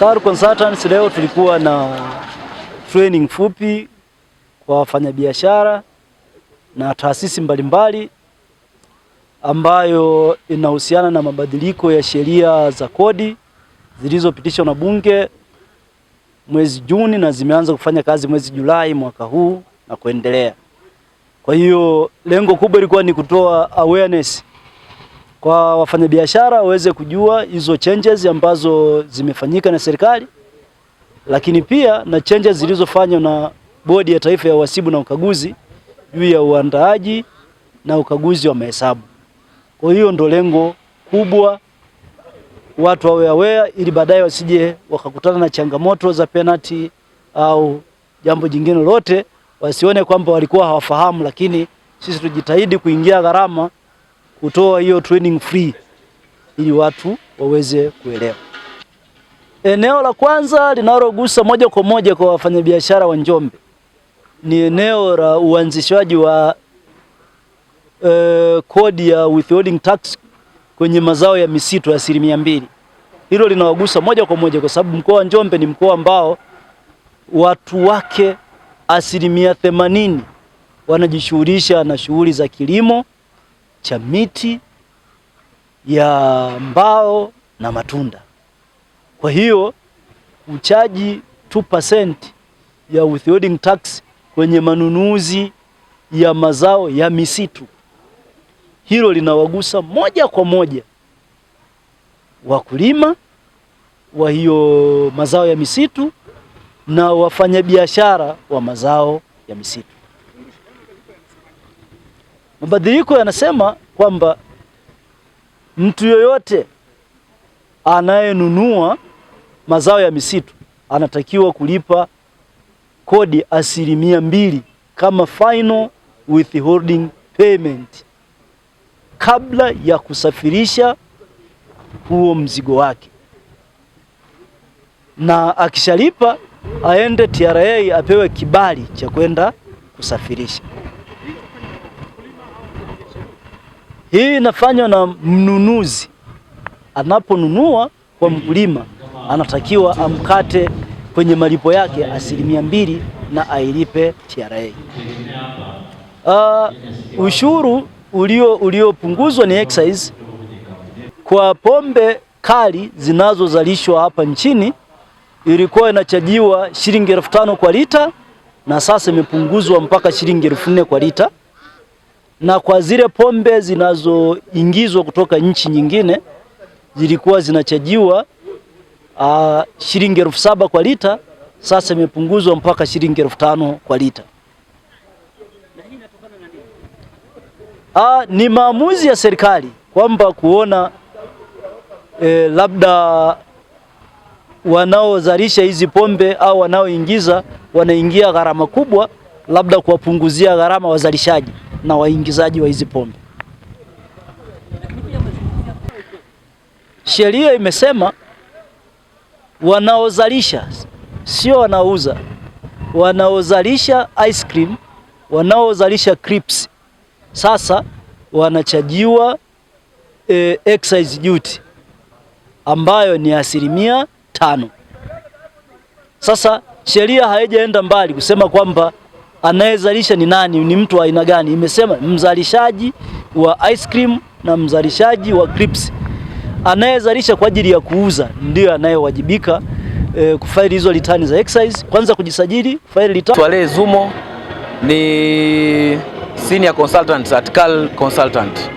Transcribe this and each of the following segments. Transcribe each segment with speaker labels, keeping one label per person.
Speaker 1: Car Consultants leo tulikuwa na training fupi kwa wafanyabiashara na taasisi mbalimbali ambayo inahusiana na mabadiliko ya sheria za kodi zilizopitishwa na Bunge mwezi Juni na zimeanza kufanya kazi mwezi Julai mwaka huu na kuendelea. Kwa hiyo lengo kubwa ilikuwa ni kutoa awareness kwa wafanyabiashara waweze kujua hizo changes ambazo zimefanyika na serikali, lakini pia na changes zilizofanywa na Bodi ya Taifa ya Uhasibu na Ukaguzi juu ya uandaaji na ukaguzi wa mahesabu. Kwa hiyo ndo lengo kubwa, watu wawe aware ili baadaye wasije wakakutana na changamoto za penati au jambo jingine lolote, wasione kwamba walikuwa hawafahamu, lakini sisi tujitahidi kuingia gharama kutoa hiyo training free ili watu waweze kuelewa. Eneo la kwanza linalogusa moja kwa moja kwa wafanyabiashara wa Njombe ni eneo la uanzishwaji wa eh, kodi ya withholding tax kwenye mazao ya misitu ya asilimia mbili. Hilo linawagusa moja kwa moja kwa sababu mkoa wa Njombe ni mkoa ambao watu wake asilimia themanini wanajishughulisha na shughuli za kilimo cha miti ya mbao na matunda. Kwa hiyo uchaji 2% ya withholding tax kwenye manunuzi ya mazao ya misitu, hilo linawagusa moja kwa moja wakulima wa hiyo mazao ya misitu na wafanyabiashara wa mazao ya misitu. Mabadiliko yanasema kwamba mtu yoyote anayenunua mazao ya misitu anatakiwa kulipa kodi asilimia mbili kama final withholding payment kabla ya kusafirisha huo mzigo wake, na akishalipa aende TRA apewe kibali cha kwenda kusafirisha. Hii inafanywa na mnunuzi, anaponunua kwa mkulima anatakiwa amkate kwenye malipo yake asilimia mbili na ailipe TRA. Uh, ah, ushuru ulio uliopunguzwa ni excise kwa pombe kali zinazozalishwa hapa nchini ilikuwa inachajiwa shilingi elfu tano kwa lita na sasa imepunguzwa mpaka shilingi elfu nne kwa lita na kwa zile pombe zinazoingizwa kutoka nchi nyingine zilikuwa zinachajiwa uh, shilingi elfu saba kwa lita, sasa imepunguzwa mpaka shilingi elfu tano kwa lita. Uh, ni maamuzi ya serikali kwamba kuona eh, labda wanaozalisha hizi pombe au wanaoingiza wanaingia gharama kubwa labda kuwapunguzia gharama wazalishaji na waingizaji wa hizi pombe. Sheria imesema wanaozalisha, sio wanaouza, wanaozalisha ice cream, wanaozalisha crisps sasa wanachajiwa e, excise duty ambayo ni asilimia tano. Sasa sheria haijaenda mbali kusema kwamba anayezalisha ni nani, ni mtu wa aina gani. Imesema mzalishaji wa ice cream na mzalishaji wa grips. Anayezalisha kwa ajili ya kuuza ndiyo anayewajibika e, kufaili hizo litani za excise, kwanza kujisajili faili litani.
Speaker 2: Swale Zumo ni senior consultant at Cal Consultant.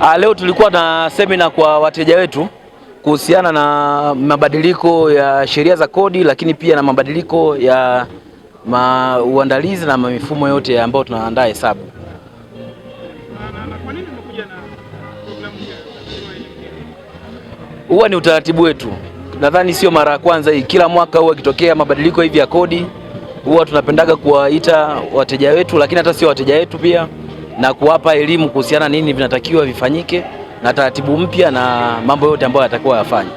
Speaker 2: Ah, leo tulikuwa na semina kwa wateja wetu kuhusiana na mabadiliko ya sheria za kodi, lakini pia na mabadiliko ya ma uandalizi na mifumo yote ambayo tunaandaa hesabu. Huwa ni utaratibu wetu, nadhani sio mara ya kwanza hii. Kila mwaka huwa ikitokea mabadiliko hivi ya kodi, huwa tunapendaga kuwaita wateja wetu, lakini hata sio wateja wetu pia, na kuwapa elimu kuhusiana nini vinatakiwa vifanyike na taratibu mpya na mambo yote ambayo yatakuwa yafanya.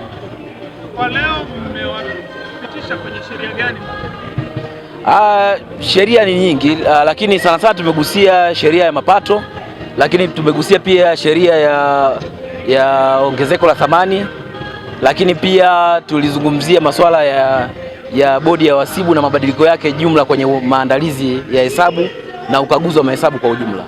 Speaker 2: Kwa leo mmewapitisha kwenye sheria gani? Ah, sheria ni nyingi uh, lakini sana sana tumegusia sheria ya mapato, lakini tumegusia pia sheria ya, ya ongezeko la thamani, lakini pia tulizungumzia masuala ya, ya bodi ya wasibu na mabadiliko yake jumla kwenye maandalizi ya hesabu na ukaguzi wa mahesabu kwa ujumla.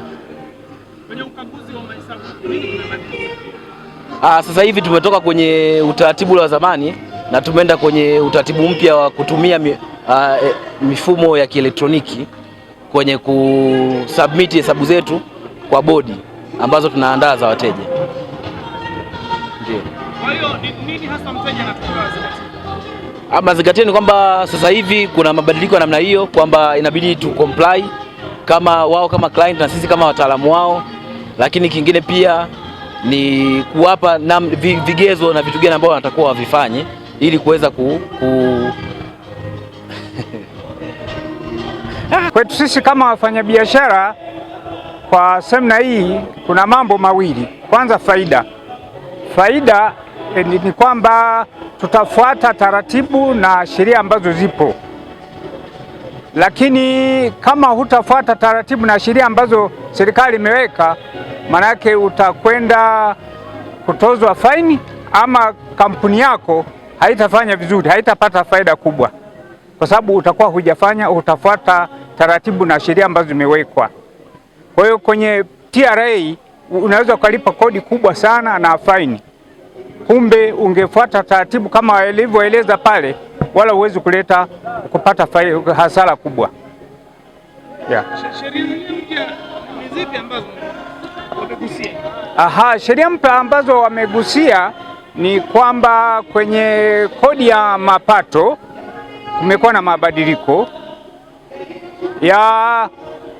Speaker 2: Aa, ah, sasa hivi tumetoka kwenye utaratibu wa zamani na tumeenda kwenye utaratibu mpya wa kutumia mi, aa, ah, eh, mifumo ya kielektroniki kwenye kusubmit hesabu zetu kwa bodi ambazo tunaandaa za wateja. Ndio. Kwa hiyo nini hasa mteja anatakiwa ah, Ni kwamba sasa hivi kuna mabadiliko ya namna hiyo kwamba inabidi tu comply kama wao kama client na sisi kama wataalamu wao, lakini kingine pia ni kuwapa vigezo na vitu gani ambao wanatakuwa wavifanye ili kuweza ku, ku...
Speaker 1: kwetu sisi kama wafanyabiashara kwa semina hii kuna mambo mawili. Kwanza faida, faida eh, ni, ni kwamba tutafuata taratibu na sheria ambazo zipo, lakini kama hutafuata taratibu na sheria ambazo serikali imeweka manake utakwenda kutozwa faini ama kampuni yako haitafanya vizuri, haitapata faida kubwa, kwa sababu utakuwa hujafanya, utafuata taratibu na sheria ambazo zimewekwa. Kwa hiyo kwenye TRA unaweza ukalipa kodi kubwa sana na faini, kumbe ungefuata taratibu kama walivyoeleza pale, wala huwezi kuleta kupata faida, hasara kubwa yeah. Aha, sheria mpya ambazo wamegusia ni kwamba kwenye kodi ya mapato kumekuwa na mabadiliko ya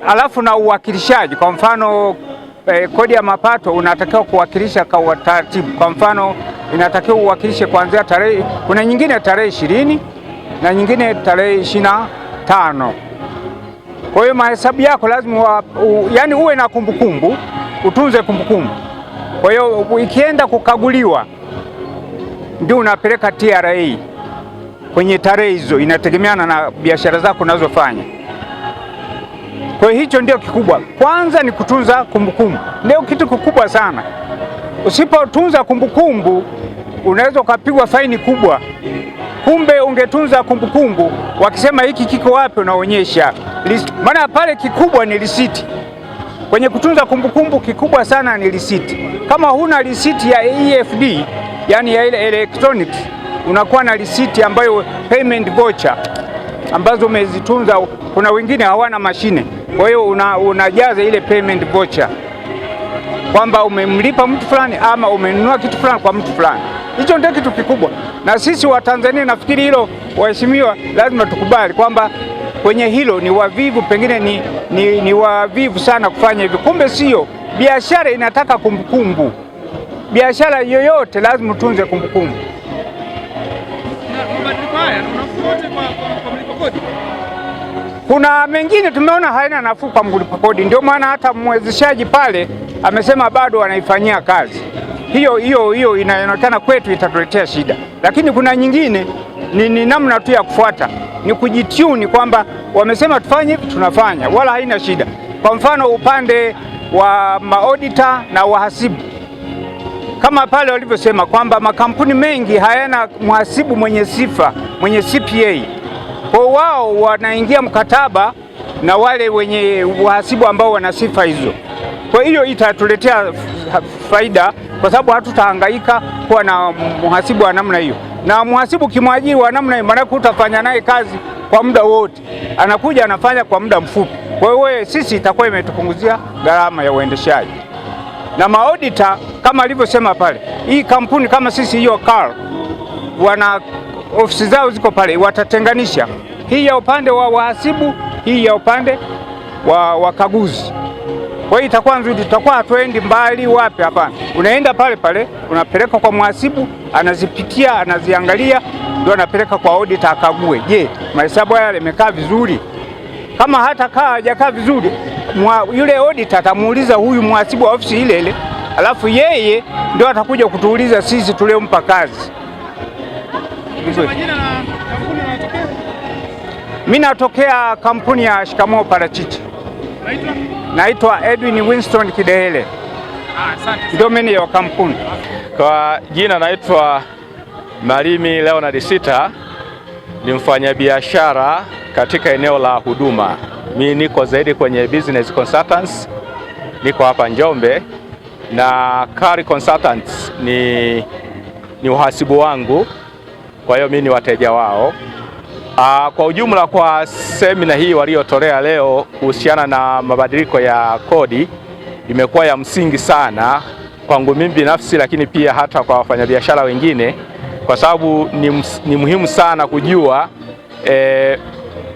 Speaker 1: alafu na uwakilishaji. Kwa mfano eh, kodi ya mapato unatakiwa kuwakilisha kwa utaratibu. Kwa mfano inatakiwa uwakilishe kuanzia tarehe, kuna nyingine tarehe ishirini na nyingine tarehe ishirini na tano. Kwa hiyo mahesabu yako lazima, yaani uwe na kumbukumbu kumbu utunze kumbukumbu. Kwa hiyo ikienda kukaguliwa, ndio unapeleka TRA kwenye tarehe hizo, inategemeana na biashara zako unazofanya. Kwa hiyo hicho ndio kikubwa, kwanza ni kutunza kumbukumbu, ndio kitu kikubwa sana. Usipotunza kumbukumbu unaweza ukapigwa faini kubwa. Kumbe ungetunza kumbukumbu, wakisema hiki kiko wapi, unaonyesha list. Maana pale kikubwa ni risiti. Kwenye kutunza kumbukumbu, kikubwa sana ni risiti. Kama huna risiti ya EFD, yani ya electronic, unakuwa na risiti ambayo payment voucher ambazo umezitunza. Kuna wengine hawana mashine, kwa hiyo una, unajaza ile payment voucher kwamba umemlipa mtu fulani ama umenunua kitu fulani kwa mtu fulani. Hicho ndio kitu kikubwa, na sisi Watanzania nafikiri hilo, waheshimiwa, lazima tukubali kwamba kwenye hilo ni wavivu, pengine ni, ni, ni wavivu sana kufanya hivyo. Kumbe sio biashara, inataka kumbukumbu. Biashara yoyote lazima utunze kumbukumbu. Kuna mengine tumeona haina nafuu kwa mlipa kodi, ndio maana hata mwezeshaji pale amesema bado wanaifanyia kazi hiyo hiyo hiyo, inaonekana kwetu itatuletea shida, lakini kuna nyingine ni, ni namna tu ya kufuata, ni kujituni kwamba wamesema tufanye hivi, tunafanya, wala haina shida. Kwa mfano upande wa maodita na wahasibu, kama pale walivyosema kwamba makampuni mengi hayana mhasibu mwenye sifa, mwenye CPA, kwa wao wanaingia mkataba na wale wenye wahasibu ambao wana sifa hizo. Kwa hiyo itatuletea faida, kwa sababu hatutahangaika kuwa na mhasibu wa namna hiyo na mhasibu kimwajiri wa namna, maanake utafanya naye kazi kwa muda wote, anakuja anafanya kwa muda mfupi. Kwa hiyo sisi itakuwa imetupunguzia gharama ya uendeshaji na maodita kama alivyosema pale, hii kampuni kama sisi hiyo car wana ofisi zao ziko pale, watatenganisha hii ya upande wa wahasibu, hii ya upande wa wakaguzi. Kwa hiyo itakuwa nzuri, tutakuwa hatuendi mbali wapi, hapana, unaenda pale pale, unapeleka kwa mhasibu, anazipitia anaziangalia, ndio anapeleka kwa auditor akague, je, mahesabu haya yamekaa vizuri? Kama hata kaa hajakaa vizuri, yule auditor atamuuliza huyu mhasibu wa ofisi ile ile, alafu yeye ndio atakuja kutuuliza sisi tuliompa kazi. Mimi natokea kampuni ya Shikamoo Parachichi. Naitwa naitwa Edwin Winston Kidehele. Ah, Domini ya kampuni kwa jina naitwa Malimi Leonard Sita, ni mfanyabiashara katika eneo la huduma. Mi niko zaidi kwenye business consultants, niko hapa Njombe na Kari Consultants ni, ni uhasibu wangu, kwa hiyo mi ni wateja wao. Aa, ah, kwa ujumla kwa semina hii waliotolea leo kuhusiana na mabadiliko ya kodi imekuwa ya msingi sana kwangu mimi binafsi, lakini pia hata kwa wafanyabiashara wengine, kwa sababu ni, ni muhimu sana kujua e,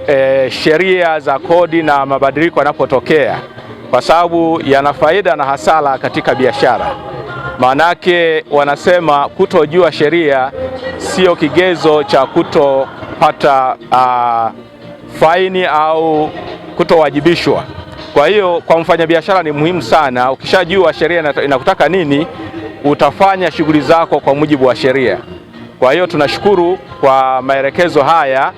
Speaker 1: e, sheria za kodi na mabadiliko yanapotokea, kwa sababu yana faida na hasara katika biashara. Maanake wanasema kutojua sheria sio kigezo cha kuto kupata uh, faini au kutowajibishwa. Kwa hiyo kwa mfanyabiashara ni muhimu sana, ukishajua sheria inakutaka nini, utafanya shughuli zako kwa mujibu wa sheria. Kwa hiyo tunashukuru kwa maelekezo haya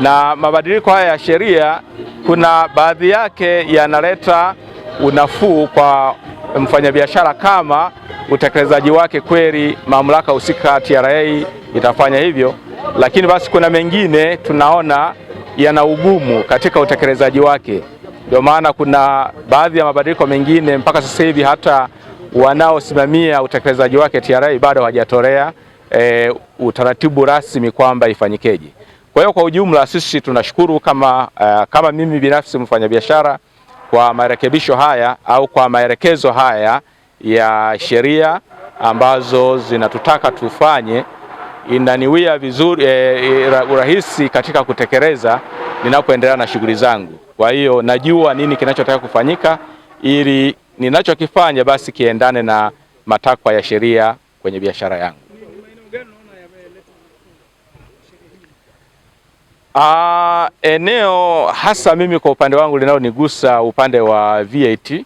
Speaker 1: na mabadiliko haya ya sheria, kuna baadhi yake yanaleta unafuu kwa mfanyabiashara kama utekelezaji wake kweli mamlaka husika TRA itafanya hivyo lakini basi kuna mengine tunaona yana ugumu katika utekelezaji wake. Ndio maana kuna baadhi ya mabadiliko mengine mpaka sasa hivi hata wanaosimamia utekelezaji wake TRA bado hawajatolea e, utaratibu rasmi kwamba ifanyikeje. Kwa hiyo kwa ujumla sisi tunashukuru kama, uh, kama mimi binafsi mfanyabiashara kwa marekebisho haya au kwa maelekezo haya ya sheria ambazo zinatutaka tufanye inaniwia vizuri e, urahisi katika kutekeleza ninapoendelea na shughuli zangu. Kwa hiyo najua nini kinachotaka kufanyika ili ninachokifanya basi kiendane na matakwa ya sheria kwenye biashara yangu. Aa, ah, eneo hasa mimi kwa upande wangu linalonigusa upande wa VAT,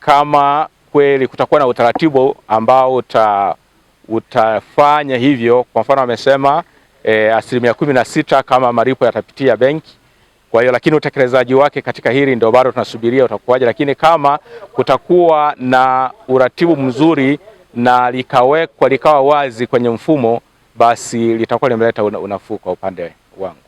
Speaker 1: kama kweli kutakuwa na utaratibu ambao uta utafanya hivyo. Kwa mfano amesema e, asilimia kumi na sita kama malipo yatapitia benki. Kwa hiyo lakini utekelezaji wake katika hili ndio bado tunasubiria utakuwaje, lakini kama kutakuwa na uratibu mzuri na likawekwa likawa wazi kwenye mfumo, basi litakuwa limeleta unafuu kwa upande wangu.